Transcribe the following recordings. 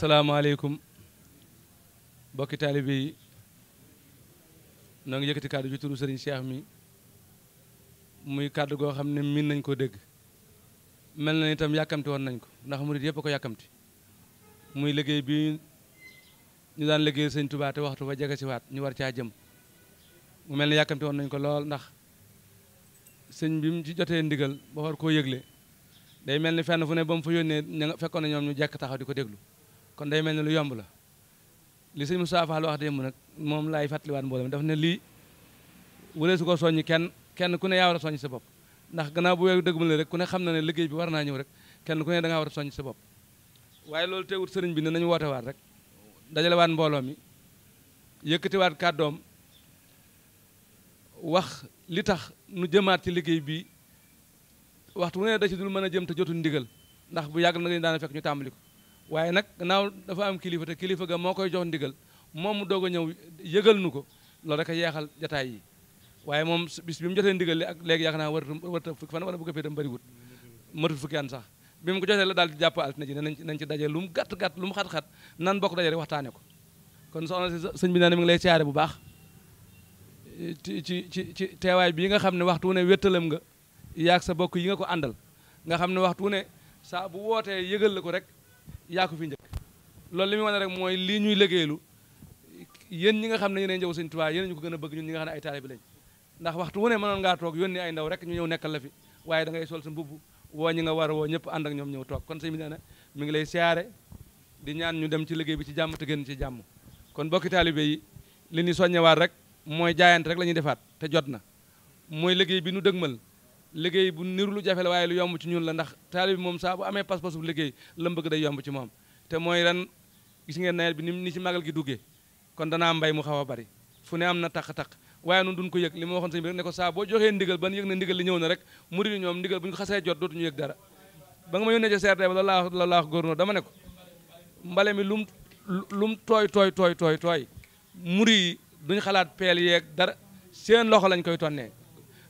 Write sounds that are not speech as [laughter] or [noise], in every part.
salaamaaleykum bokki taalibe yi noo yëkkati kàddu ci turu Serigne Cheikh mi muy kàddu goo xam ne miin nañ ko dégg mel na itam yàkkamti woon nañ ko ndax murit yëpp ko yàkkamti muy liggéey bi ñu daan liggéey Sëñ tubaate waxtu wa jege si waat ñu war caa jëm mu mel ne yàkkamti woon nañ ko lool ndax sëñ bi mu ci jotee ndigal ba war koo yëgle day mel ni fenn fu ne ba mu fa yónnee ña fekkoon na ñoom ñu jekk taxaw di ko déglu kon day mel ne lu yomb la li sëñ Moussa Fall wax démb nag moom laay fàttaliwaat mboolem daf ne lii wala su ko soññi kenn kenn ku ne yaa war a soññ sa bopp ndax gannaaw bu weeru dëgg ma rek ku ne xam na ne liggéey bi war naa ñëw rek kenn ku ne da war a soññ sa bopp waaye loolu teewut sëriñ bi ne nañu woote waat rek dajale waat mbooloo mi yëkkatiwaat kàddoom wax li tax nu jëmaat ci liggéey bi waxtu wu ne da ci dul mën a jëm te jotu ndigal ndax bu yàgg na dañu daan ñu tàmbali waaye nag gannaaw dafa am kilifa te kilifa ga moo koy jox ndigal moom mu doog a ñëw yëgal nu ko loolu rek a yeexal jataay yi waaye moom bis bi mu jotee ndigal li ak léegi yaakaar naa waratu waratu fukki fan wala bu ko fee dem bëriwut matul fukki an sax bi mu ko jotee la daal di jàpp altine ji ne nañ ci daje lu mu gàtt gàtt lu mu xat-xat nan bokk daje rek waxtaane ko kon soo si sëñ bi naa ne mi ngi lay siyaare bu baax ci ci teewaay bii nga xam ne waxtu wu ne wéttalam nga yaag sa bokk yi nga ko àndal nga xam ne waxtu wu ne saa bu wootee yëgal la ko rek yaa ko fi njëkk loolu li muy wane rek mooy lii ñuy liggéeylu yéen ñi nga xam ne yéenay njëw sëñ Tuubaa yéen ñu ko gën a bëgg ñun ñi nga xam ne ay taalibe lañ ndax waxtu wu ne mënoon ngaa toog yónni ay ndaw rek ñu ñëw nekkal la fi waaye da ngay sol sa mbubb woo ñi nga war a woo ñëpp ànd ak ñoom ñëw toog kon sëñ bi nee na mi ngi lay siyaare di ñaan ñu dem ci liggéey bi ci jàmm te génn ci jàmm kon bokki taalibe yi li ñu soññewaat rek mooy jaayante rek la ñuy defaat te jot na mooy liggéey bi nu dëgmal liggéey bu niru lu jafe la waaye lu yomb ci ñun la ndax taalibi moom saa bu amee pas-pasu liggéey la bëgg day yomb ci moom te mooy ren gis ngeen nawet bi ni nii si magal gi duggee kon dana mbay mu xaw a bari fu ne am na taq-taq waaye nun duñ ko yëg li ma waxoon sëñ bi rek ne ko saa boo joxee ndigal ban yëg ne ndigal li ñëw na rek murid ñoom ndigal bu ñu ko xasee jot dootuñu yëg dara ba nga ma yónnee ci CRD ba loolu laa wax loolu dama ne ko mbale mi lum tooy tooy tooy tooy tooy muri yi xalaat peel yeeg dara seen loxo lañ koy tonnee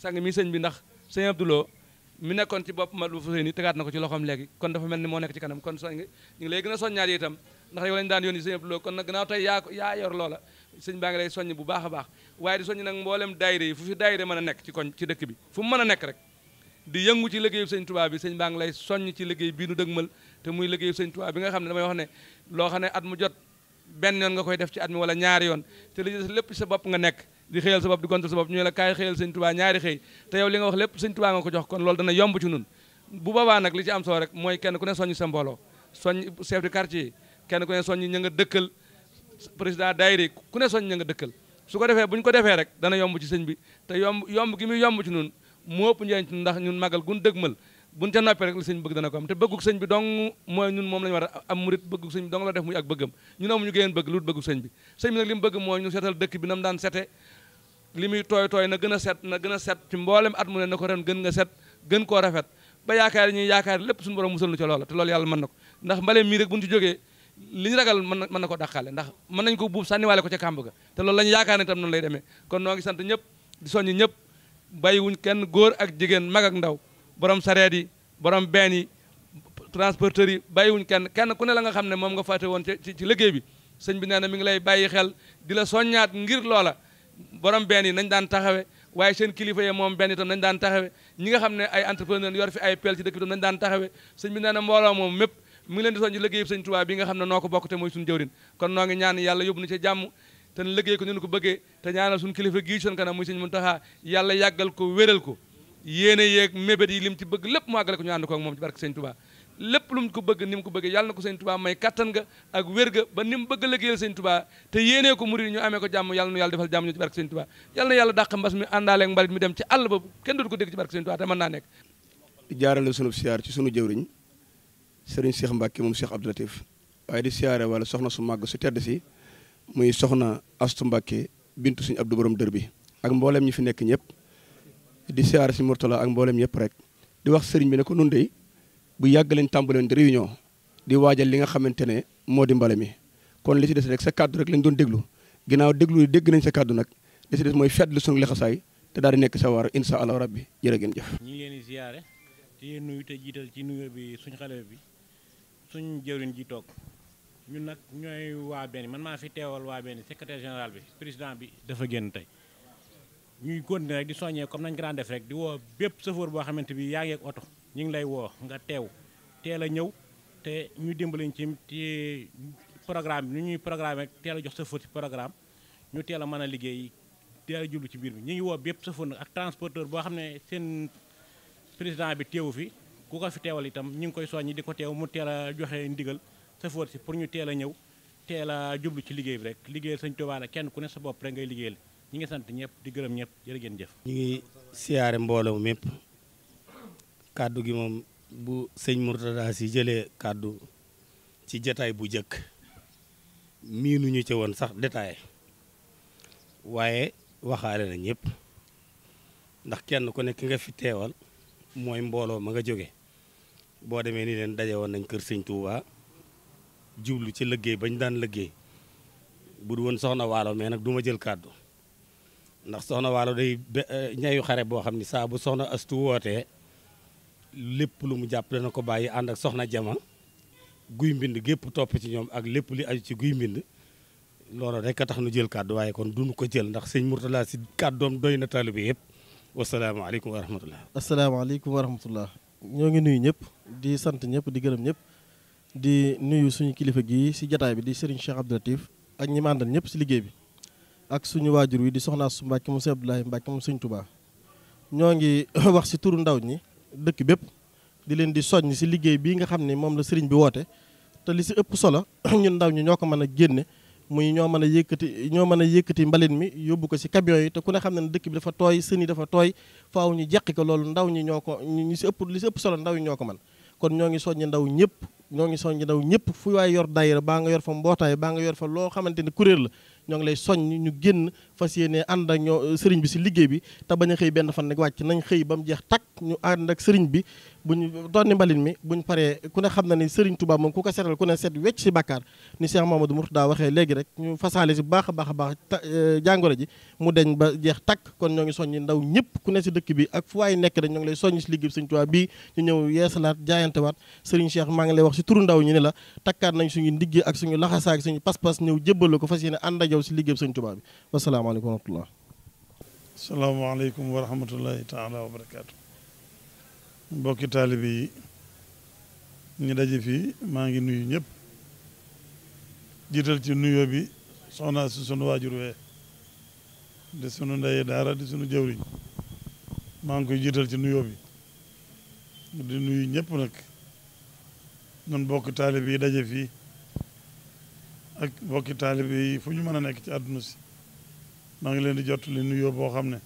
sang mii sëñ bi ndax sëñ Abdouloo mi nekkoon ci bopp Matlaboul Fawzayni tegaat na ko ci loxoom léegi kon dafa mel ni moo nekk ci kanam kon soñ ñu ngi lay gën a soññaat yi itam ndax yow lañu daan yónni sëñ Abdouloo kon nag gannaaw tey bu baax a baax waaye di soññ nag mboolem daayira yi fu mën a nekk ci koñ ci dëkk bi fu mën a nekk rek yëngu ci liggéeyu sëñ Tuubaa bi sëñ baa ngi lay ci liggéey bii nu dëgmal te muy liggéeyu sëñ Tuubaa bi nga xam ne damay wax ne loo xam ne at mu jot benn yoon nga koy def ci at mi wala ñaari yoon te li des sa bopp nga nekk di xëyal sa bopp di gontal sa bopp ñu la kaay xëyal sëñ tubaa ñaari xëy te yow li nga wax lépp sëñ tubaa nga ko jox kon loolu dana yomb ci nun bu boobaa nag li ci am soo rek mooy kenn ku ne soññ sa mbooloo soññ chef de quartier kenn ku ne ña nga dëkkal président daayira ku ne soññ ña nga dëkkal su ko defee bu ñu ko defee rek dana yomb ci sëñ bi te yomb yomb gi muy yomb ci nun moo ëpp njëriñ ndax ñun magal gun dëgmal buñ ca noppee rek li sëñ bëgg dana ko am te bëgguk sëñ bi dong mooy ñun moom la war am murit bëgguk sëñ bi dong la def muy ak bëggam ñun amuñu géneen bëgg lu bëgguk sëñ bi li mu bëgg mooy ñu seetal dëkk bi nam daan sete li muy tooy tooy na gën a set na gën a set ci mboolem at mu ne na ko ren gën nga set gën koo rafet ba yaakaar ñuy yaakaar lépp suñ borom musal nu ca loola te loolu yàlla mën na ko ndax mbale mii rek bu ñu ci jógee li ñu ragal mën na mën na ko dàqaale ndax mën nañ ko buub sànniwaale ko ca kàmb ga te loolu la ñu yaakaar ne itam noonu lay demee kon noo ngi sant ñëpp di soññ ñëpp bàyyiwuñ kenn góor ak jigéen mag ak ndaw borom sareet yi borom benn yi transporteurs yi bàyyiwuñ kenn kenn ku ne la nga xam ne moom nga fàtte woon ci ci liggéey bi sëñ bi nee na mi ngi lay bàyyi xel di la soññaat ngir loola borom benn yi nañ daan taxawe waaye seen kilifa yi moom benn itam nañ daan taxawe ñi nga xam ne ay entrepreneur yor fi ay peel ci dëkk bi tam nañ daan taxawe sëñ bi nee na mbooloo moom mépp mu leen di soññ ci liggéey sëñ Tuubaa bi nga xam ne noo ko bokk te mooy suñu jëwrin kon noo ngi ñaan yàlla yóbbu na ca jàmm te liggéey ko ñu ko bëggee te ñaanal suñu kilifa gii seen kanam muy sëñ Muntaxa yàlla yàggal ko wéral ko yéene yeeg mébét yi lim ci bëgg lépp mu ñu ànd ko ak moom lépp lu mu ko bëgg ni mu ko bëggee yàlla na ko sëñ tubaa may kattan nga ak wér ga ba ni mu bëgg liggéeyal sëñ tubaa te yéenee ko murid ñu amee ko jàmm yàlla na yàlla defal jàmm ñu ci barke sëñ tubaa yàlla na yàlla dàq mbas mi àndaale ak mbalit mi dem ci àll ba kenn dootu ko dégg ci barke sëñ tubaa te mën naa nekk jaarale sunu siyaar ci sunu jëwriñ sëriñ Cheikh Mbacke moom Cheikh Abdou waaye di siyaare wala soxna su màgg su tedd si muy soxna Astu Mbacke bintu suñu Abdou borom dër bi ak mboolem ñi fi nekk ñëpp di siyaare si Mourtala ak mboolem ñëpp rek di wax sëriñ bi ne ko nun dey bu yàgg lañ tàmbale woon di réunion di waajal li nga xamante ne moo di mbale mi kon li si des rek sa kàddu rek lañ doon déglu ginnaaw déglu dégg nañ sa kàddu nag li ci des mooy fetlu sunu lexasaay te daal di nekk sa waar incha allah rabbi jërë ngeen jëf. ñu ngi leen di ziare di leen nuyu te jiital ci nuyu bi suñu xale bi suñu jëwriñ ji toog ñun nag ñooy waa benn man maa fi teewal waa benn secrétaire général bi président bi dafa génn tey. ñuy continuer rek di soññee comme nañ ko daan def rek di woo bépp chauffeur boo xamante bi yaa ngi ak oto. ñu ngi lay woo nga teew teel a ñëw te ñu dimbaliñ ci ci programme bi nu ñuy programme rek teel a jox sa fóot ci programme ñu teel a mën a liggéey teel a jublu ci mbir mi ñu ngi woo bépp sa fóot ak transporteur boo xam ne seen président bi teewu fi ku ko fi teewal itam ñu ngi koy ñi di ko teew mu teel a joxe ndigal sa fóot si pour ñu teel a ñëw teel a jublu ci liggéey bi rek liggéeyal sañ Tuubaa kenn ku ne sa bopp rek ngay liggéeyal ñi ngi sant ñëpp di gërëm ñëpp jërë ngeen jëf. ñu ngi siyaare mbooloo mépp kàddu gi moom bu sëñ Mourtada si jëlee kàddu ci jataay bu jëkk miinu ñu ci woon sax détail waaye waxaale na ñëpp ndax kenn ku ne ki nga fi teewal mooy mbooloo ma nga jóge boo demee ni leen daje woon nañ kër sëñ Touba jublu ci liggéey bañ daan liggéey bu du woon soxna waalo mais nag du ma jël kàddu ndax soxna waalo day ñayu xare boo xam ni saa soxna astu wootee lépp lu mu jàpp dana ko bàyyi ànd ak soxna jama guy mbind gépp topp ci ñoom ak lépp li aju ci guy mbind loolu rek a tax nu jël kàddu waaye kon duñu ko jël ndax sëñ Mourtala si kàddoom doy na taalibe yëpp wasalaamaaleykum wa rahmatullah asalaamaaleykum wa ñoo ngi nuyu ñëpp di sant ñëpp di gërëm ñëpp di nuyu suñu kilifa gi si jataay bi di sëriñ Cheikh Abdou ak ñi ma àndal ñëpp si liggéey bi ak suñu waajur wi di soxna su Mbàkke mu Sëñ Abdoulahi Mbàkke mu Sëñ Touba ñoo ngi [coughs] wax ci turu ndaw ñi dëkk bépp di leen di soññ si liggéey bii nga xam ne moom la sëriñ bi woote te li si ëpp solo [clears throat] ñu ndaw ñi ñoo ko mën a génne muy ñoo mën a yëkkati ñoo mën a yëkkati mbalit mi yóbbu ko si camion yi te ku ne xam ne dëkk bi dafa tooy sën yi dafa tooy faaw ñu jeqi ko loolu ndaw ñi ñoo ko ñu si ëpp li si ëpp solo ndaw ñi ñoo ko man kon ñoo ngi soññ ndaw ñëpp ñoo ngi soññ ndaw ñëpp fu waay yor daayira baa nga yor fa mbootaay baa nga yor fa loo xamante ne kuréel la ñoo ngi lay soññ ñu génn fas yéene ànd ak ñoo euh, sëriñ bi si liggéey bi te bañ xëy benn fan nag wàcc nañ xëy ba mu jeex takk ñu ànd ak sëriñ bi buñ doon ni mbalit mi buñ paree ku ne xam na ne sëriñ Touba moom ku ko seetal ku ne seet wecc si bàkkaar ni Cheikh Mamadou Mourtada waxee léegi rek ñu fasaale si baax a baax a baax euh, ji mu deñ ba jeex takk kon ñoo ngi soññ ndaw ñëpp ku ne si dëkk bi ak fu waay nekk rek ñoo ngi lay soññ si liggéey bi sëriñ Touba bii ñu ñëw yeesalaat jaayantewaat sëriñ Cheikh maa ngi lay wax ci turu ndaw ñi ne la takkaat nañ suñu ndigg ak suñu laxasaak suñu pas-pas ñëw jébbal ko fas yéene ànd ak yow si liggéeyam sëñ Tuubaa bi wasalaamaaleykum wa rahmatullah salaamaaleykum wa ñu daje fii maa ngi nuyu ñëpp jiital ci nuyoo bi soona si sunu waajur wee di sunu ndey daara di sunu jëwriñ maa ngi koy jiital ci nuyoo bi di nuyu ñëpp nag nun bokki taalib yi daje fii ak bokki taalib yi fu ñu mën a nekk ci àdduna si maa ngi leen di jot li nuyoo boo xam ne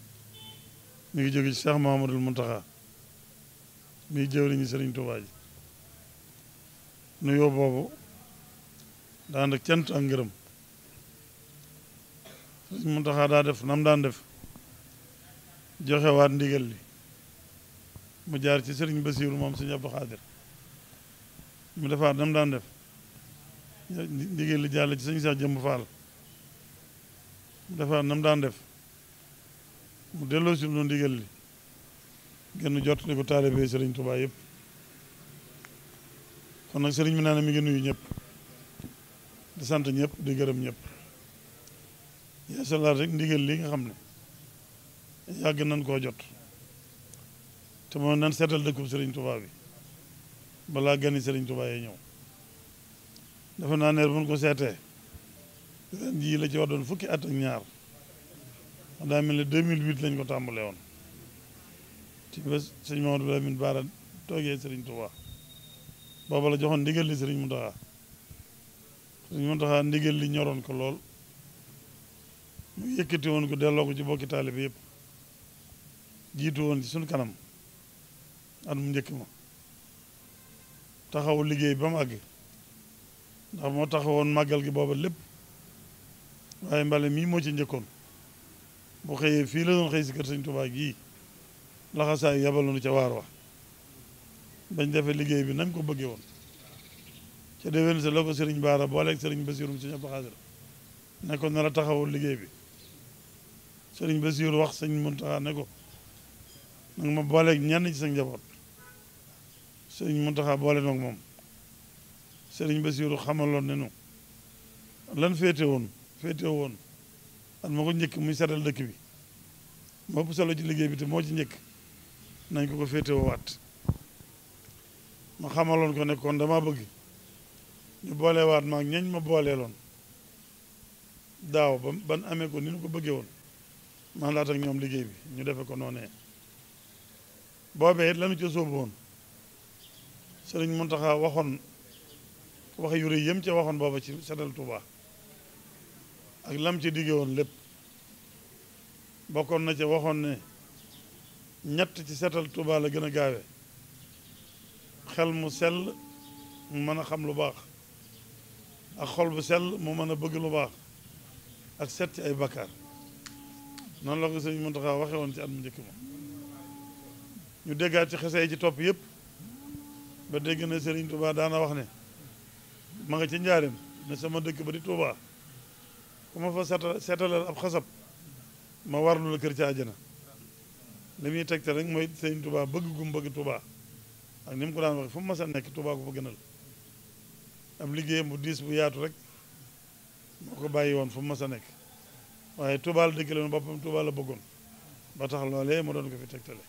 mi ngi jóge ci Cheikh Mahamadul Muntaxa mi jëwriñu Sëriñ Tuubaa ji nuyoo boobu daa ànd ak cant ak ngërëm Sëriñ Muntaxa daa def nam daan def joxewaat ndigal li mu jaar ci Sëriñ Basiiru moom si Abdu Xaadir mu defaat nam daan def ndigal li jàll ci sëñ Seex Jëmb Faal mu defaat nam daan def mu delloo si lu ndigal li genn jot li ko taalibe sëriñ Tuubaa yëpp kon nag sëriñ bi naa ne mi ngi nuyu ñëpp di sant ñëpp di gërëm ñépp yeesalaat rek ndigal li nga xam ne yàgg nañ koo jot te moom nan seetal dëkkub sëriñ Tuubaa bi balaa gani Serigne Touba yi ñëw dafa naa neer buñ ko seetee ji jii la ci war doon fukki at ak ñaar daa mel ne 2008 lañ ko tàmbalee woon ci bés sëñ Mamadou Lamine Bara toogee Serigne Touba booba la joxoon ndigal li Serigne Mountakha Serigne Mountakha ndigal li ñoroon ko lool mu yëkkati woon ko delloo ko ci bokki taalibe yëpp jiitu woon ci sunu kanam at mu njëkk ma taxawu liggéey ba mu ndax moo taxawoon màggal gi booba lépp waaye mbale mii moo ci njëkkoon bu xëyee fii la doon xëy si kër sëñ Tuubaa gii laxasaay yabaloonu ca waar wa bañ defee liggéey bi nañ ko bëggee woon ca déwén sa la ko sëriñ Baara booleeg sëriñ Basiiru sëñ Abdu Xaadir ne ko na taxawu liggéey bi sëriñ Basiiru wax sëñ Muntaxa ne ko nag ma booleeg ñenn ci sa njaboot sëriñ Muntaxa boole noog moom sëriñ Basiiru xamaloon ne nu lan féete woon féete woon at ma ko njëkk muy setal dëkk bi moo ëpp solo ci liggéey bi te moo ci njëkk nañ ko ko féete woowaat ma xamaloon ko ne kon dama bëgg ñu boolewaat maag ñañ ma loon daaw ba ban amee ko ni ko bëggee woon man laata ak ñoom liggéey bi ñu defe ko noonee boobee it lanu ca sóobu sëriñ Muntaxa waxoon wax yu rëy yëm ca waxoon booba ci setal Touba ak lam ca digge woon lépp bokkoon na ca waxoon ne ñett ci setal Touba la gën a gaawe xel mu sel mu mën a xam lu baax ak xol bu sel mu mën a bëgg lu baax ak set ci ay bakkaar noonu la ko sëriñ Muntaxa waxe woon ci at mu njëkk ma ñu déggaat ci xese yi ci topp yëpp ba dégg na Serigne Touba daana wax ne ma nga ci njaareem ne sama dëkk ba di Touba ku ma fa seetal seetalal ab xasab ma warlu la kër ca àjjana li muy tegte rek mooy Serigne tubaa bëgg gum bëgg Touba ak ni mu ko daan waxe fu mu mas a nekk Touba ko fa gënal am bu diis bu yaatu rek moo bàyyi woon fu mu a nekk waaye Touba la la boppam Touba la bëggoon ba tax loolee ma doon ko fi tegtale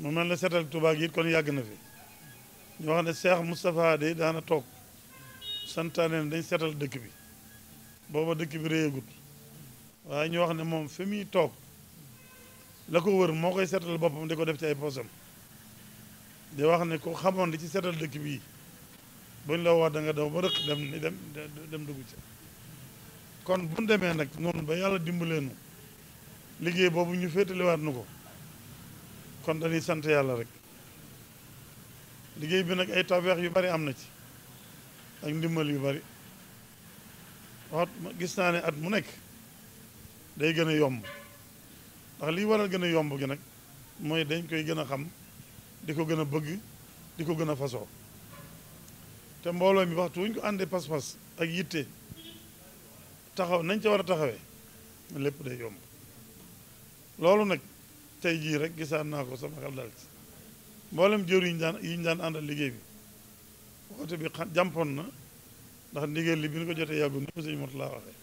mu mel ne seetal tubaa gi it kon yàgg na fi ñu wax ne Cheikh Moustapha de daana toog santaane ne dañ seetal dëkk bi booba dëkk bi réyagut waaye ñu wax ne moom fi muy toog la ko wër moo koy seetal boppam di ko def ci ay poosam di wax ne ku xamoon di ci seetal dëkk bii buñ la wax da nga daw ba rëq dem dem dugg ci kon buñ demee nag noonu ba yàlla dimbaleenu liggéey boobu ñu féetaliwaat nu ko kon dañuy sant yàlla rek liggéey bi nag ay tawfeex yu bari am na ci ak ndimbal yu bari wax gis naa ne at mu nekk day gën a yomb ndax liy waral gën a yomb gi nag mooy dañ koy gën a xam di ko gën a bëgg di ko gën a façon te mbooloo mi waxtu wuñ ko àndee pas-pas ak yitte taxaw nañ ca war a taxawee lépp day yomb loolu nag tey jii rek gisaat naa ko sama xel dal ci mboolem jëwri yi daan yi ñu daan àndal liggéey bi woote bi jàmpoon na ndax ndigal li bi ñu ko jotee yàggu ni sëñ laa waxee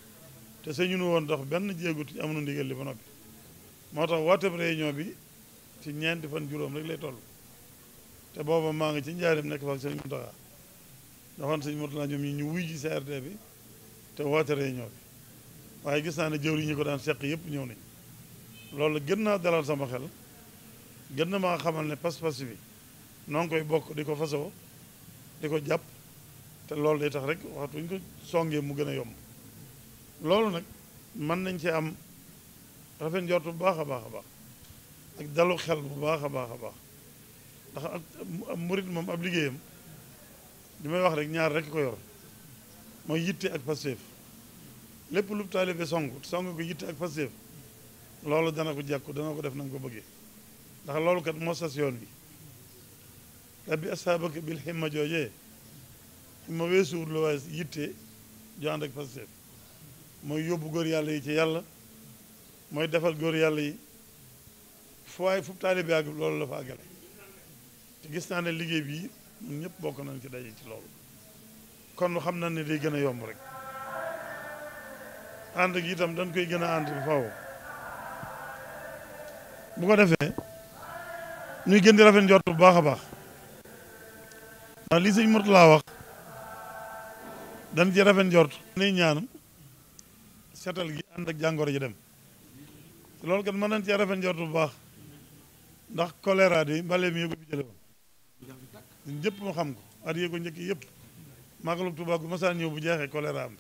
te sëñu nu woon dox benn jéegut am na ndigal li ba noppi moo tax woote réunion bi ci ñeenti fan juróom rek lay toll te booba maa ngi ci njaarim nekk fa ak sëñ Muntaxa doxoon sëñ Murtala ñoom ñi ñu wuy ji CRD bi te woote réunion bi waaye gis naa ne jëwri ñi ko daan seq yëpp ñëw nañ loolu gën naa dalal sama xel gën na maa xamal ne pas-pas bi noo ngi koy bokk di ko fasoo di ko jàpp te loolu day tax rek waxtu ñu ko songee mu gën a yomb loolu nag mën nañ ci am rafet njort bu baax a baax a baax ak dalu xel bu baax a baax a baax ndax ab murit moom ab liggéeyam li may wax rek ñaar rek ko yor mooy yitte ak pasteef lépp lu taalibe song song ko yitte ak pasteef loolu dana ko jàkku dana ko def na ko bëggee ndax loolu kat moo sas yoon wi rabbi asaabaka bil ximma joojee ximma weesuwul la waaye yitte ju ànd ak pasteef mooy yóbbu góor yàlla yi ci yàlla mooy defal góor yàlla yi fu waaye fu taalibe àgg loolu la fa àggale te gis naa ne liggéey bi ñun ñëpp bokk nañ ci daje ci loolu kon xam na ne day gën a yomb rek ànd gi itam dañ koy gën a ànd bi faw bu ko defee ñuy gën di rafet njort bu baax a baax ndax li sëñ Mourtala wax dañ ci rafet njort ni ñaan setal gi ànd ak jàngoro ji dem loolu kat mën nañ cee rafet njort bu baax ndax choléra di mbale mi yëgu bi jële woon ñëpp mu xam ko at yee ko njëkk yëpp màggalu Tuubaa gu masaan ñëw bu jeexee choléra am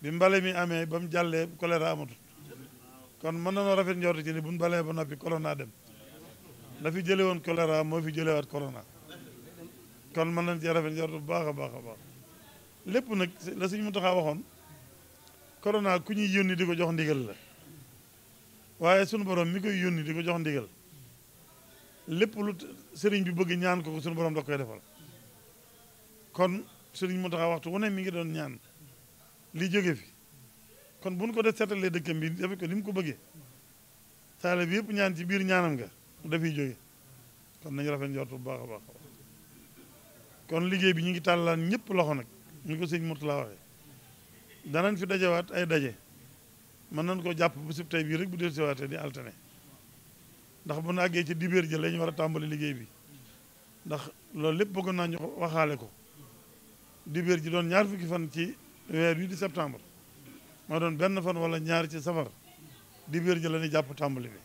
bi mbale mi amee ba mu jàllee choléra amatul kon mën nañoo rafet njort ci bu buñ balee ba noppi corona dem la fi jële woon choléra moo fi jëlewaat corona kon mën na ci rafet bu baax a baax a baax lépp nag la Sëñ Muntaxa waxoon korona ku ñuy yónni di ko jox ndigal la waaye sunu borom mi koy yónni di ko jox ndigal lépp lu sëriñ bi bëgg ñaan ko sunu borom da koy defal kon sëriñ Muntaxa waxtu wu ne mi ngi doon ñaan li jóge fi kon buñ ko def seetalee dëkkam bi def ko ni mu ko bëggee taale bi yëpp ñaan ci biir ñaanam nga dafiy jóge kon nañu rafet njort bu baax a baax kon liggéey bi ñu ngi tàllaan ñëpp loxo nag ni ko sëñ Mourtala waxee danañ fi dajewaat ay daje mën nañ koo jàpp bu sib tey bii rek bu dee siwaatee di altane ndax bu na àggee ci dibéer ji la ñu war a tàmbali liggéey bi ndax loolu lépp bëggoon naa ñu waxaale ko dibéer ji doon ñaar fukki fan ci weer wi di septembre moo doon benn fan wala ñaar ci safar dibéer ji la ñu jàpp tàmbali bi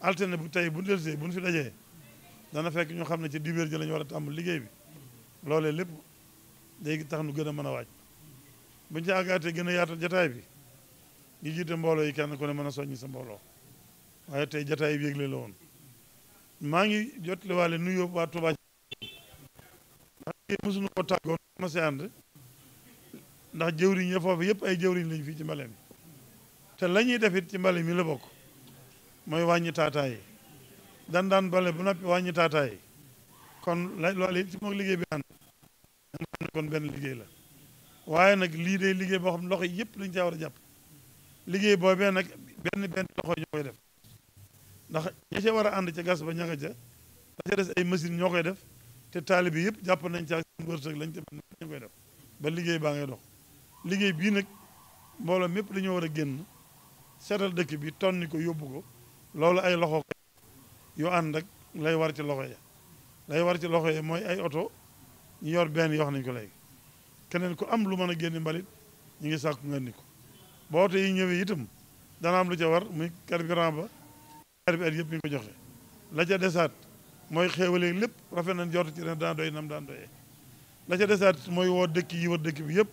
alterne bu tey bu delsee bu ñu fi dajee dana fekk ñu xam ne ci dibéer ji la ñu war a tàmbali liggéey bi loolee lépp léegi tax nu gën a mën a waaj bu ci gën a yaatal jataay bi ñu mbooloo yi kenn ku ne mën a soññi sa mbooloo waaye tey jataay bi la woon maa ngi jotle nu nuyoo waa Touba mësuñu ko tàggoon si ànd ndax jëwriñ ya foofu yëpp ay jëwriñ lañ fii ci mbale mi te la ñuy defit ci mbale mi la bokk mooy wàññi taataay dan daan bale bu noppi wàññi taataay kon la loolu ci moom liggéey bi ànd kon benn liggéey la waaye nag lii day liggéey boo xam ne loxo yëpp lañ caa war a jàpp liggéey boobee nag benn benn loxo ñoo koy def ndax ña ca war a ànd ca gas ba ña nga ca des ay machine ñoo koy def te taali bi yëpp jàpp nañ caa seen wërsëg lañ ca ñu koy def ba liggéey baa ngay dox liggéey bii nag mbooloo yépp dañoo war a génn seetal dëkk bi tonni ko yóbbu ko loolu ay loxo yu ànd ak lay war ci loxo ya lay war ci loxo ya mooy ay oto ñu yor benn yoo xam nañu ko léegi keneen ku am lu mën a génn mbalit ñu ngi sàkku nga indi ko boo oto yi ñëwee itam dana am lu ca war muy carburant ba carburant yëpp mi ngi ko joxe la ca desaat mooy xéewale lépp rafet nañ jot ci ren daan doy nam daan doyee la ca desaat mooy woo dëkk yi wër dëkk bi yëpp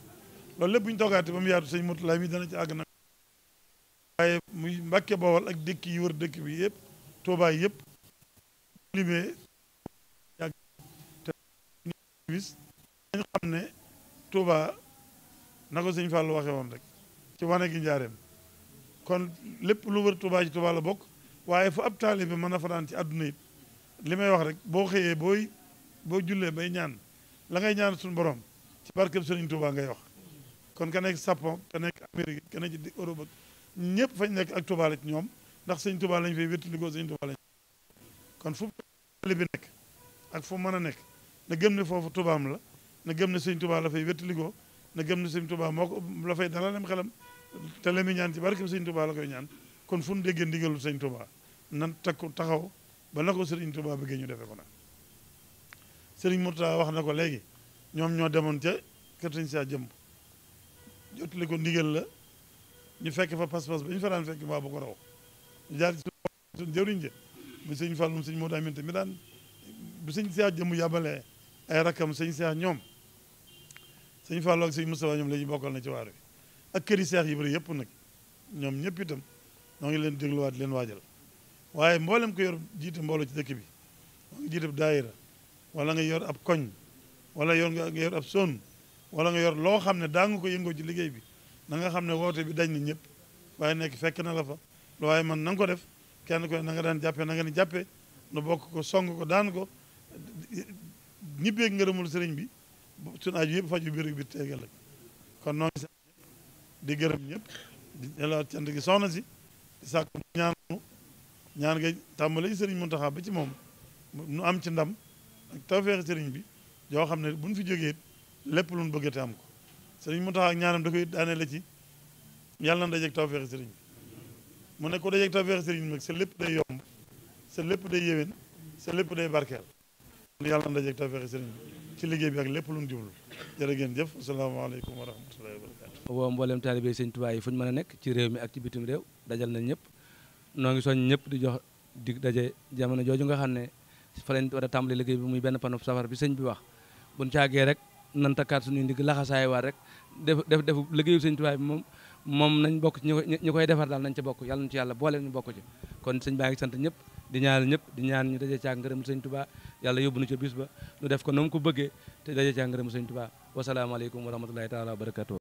loolu lépp bu ñu toogaatee ba mu yaatu sëñ Murtala mi dana ci àgg na waaye muy Mbàkke Bawol ak dëkk yi wër dëkk bi yëpp Tuubaa yëpp limee yàgg te bis dañ xam ne Tuubaa na ko sëñ Fàllu waxe woon rek ci wane gi njaareem kon lépp lu wër Tuubaa ci Tuubaa la bokk waaye fu ab taalibe mën a fanaan ci àdduna it li may wax rek boo xëyee booy boo jullee bay ñaan la ngay ñaan suñu borom ci barkeb Sëriñ Tuubaa ngay wax kon ka nekk Japon ka nekk Amérique ka nekk ci Europe ñëpp fañ nekk ak Tuubaa la ci ñoom ndax sëñ Tuubaa lañ fay wéttalikoo sëñ Tuubaa lañ kon fu li ak fu mën a nekk na gëm ne foofu Tuubaam la na gëm ne sëñ tubaa la fay wéttalikoo na gëm ne sëñ Tuubaa moo ko la fay xelam te lemi ñaan ci barke sëñ Tuubaa ñaan kon fu nu déggee ndigalu sëñ Tuubaa nan takku taxaw ba na ko sëriñ Tuubaa bëggee ñu defe ko nag sëriñ Murtaa wax na ko léegi ñoom ñoo demoon ca kër saa jëmb jottali ndigal la ñu fekk fa pas-pas ba ñu fa daan fekk mbaa bu ko raw ñu jaar ci suñu jëriñ mu sëñ moo sëñ Modou Aminta daan bu sëñ Seex jëmm yabalee ay rakkam sëñ Seex ñoom sëñ Fallou ak sëñ ñoom la ñu bokkal na ci waar ak këri yi bëri yëpp nag ñoom ñëpp itam noo ngi leen dégluwaat di leen waajal waaye mboolem ko yor jiite mbooloo ci dëkk bi moo ngi jiite daayira wala nga yor ab koñ wala yor nga yor ab son wala nga yor loo xam ne daa nga ko yëngoo ci liggéey bi nanga xam ne woote bi dañ na ñëpp waaye nekk fekk na la fa lu waaye man na ko def kenn ko na nga daan jàppee na ni jàppee nu bokk ko song ko daan ko ñibbeeg ngërëmul sëriñ bi suñu yëpp faju biir bi teegal la kon noo ngi di gërëm ñëpp di delloo cant gi soxna si di sàkku sëriñ Muntaxa ba ci moom nu am ci ndam ak tawfeex sëriñ bi yoo xam ne buñ fi jógee lépp lu bëgg te am ko sëriñ Mountakha ak ñaanam da koy daane la ci yàlla na dajeeg sëriñ bi mu ne ko dajeeg tawféexi sëriñ bi sa lépp day yomb sa lépp day yéwén sa lépp day barkeel yàlla na dajeeg tawféexi sëriñ ci liggéey bi ak lépp lu mu jublu jërë jëf asalaamaaleykum wa rahmatullahi wa barakatu woo mboolem taalibe sëñ Tuubaa yi fu ñu mën a nekk ci réew mi ak ci bitim réew dajal nañ ñëpp noo ngi soñ ñëpp di jox digg daje jamono jooju nga xam ne fa lañ war liggéey bi muy benn panob safar bi sëñ bi wax nan takkaat suñuy ndigg laxasaay waat rek def def def liggéeyu sëñ Tuubaa bi bokk ci ñi koy defar daal nañ ca bokk yàlla na ci yàlla boole ñu bokk ci kon sëñ baa ngi sant ñëpp di ñaanal ñëpp di ñaan ñu daje caa ngërëm sëñ Tuubaa yàlla yóbbu nu ca bis nu def ko na ko bëggee te daje caa ngërëm sëñ Tuubaa wasalaamaaleykum wa rahmatullahi taala wa barakatu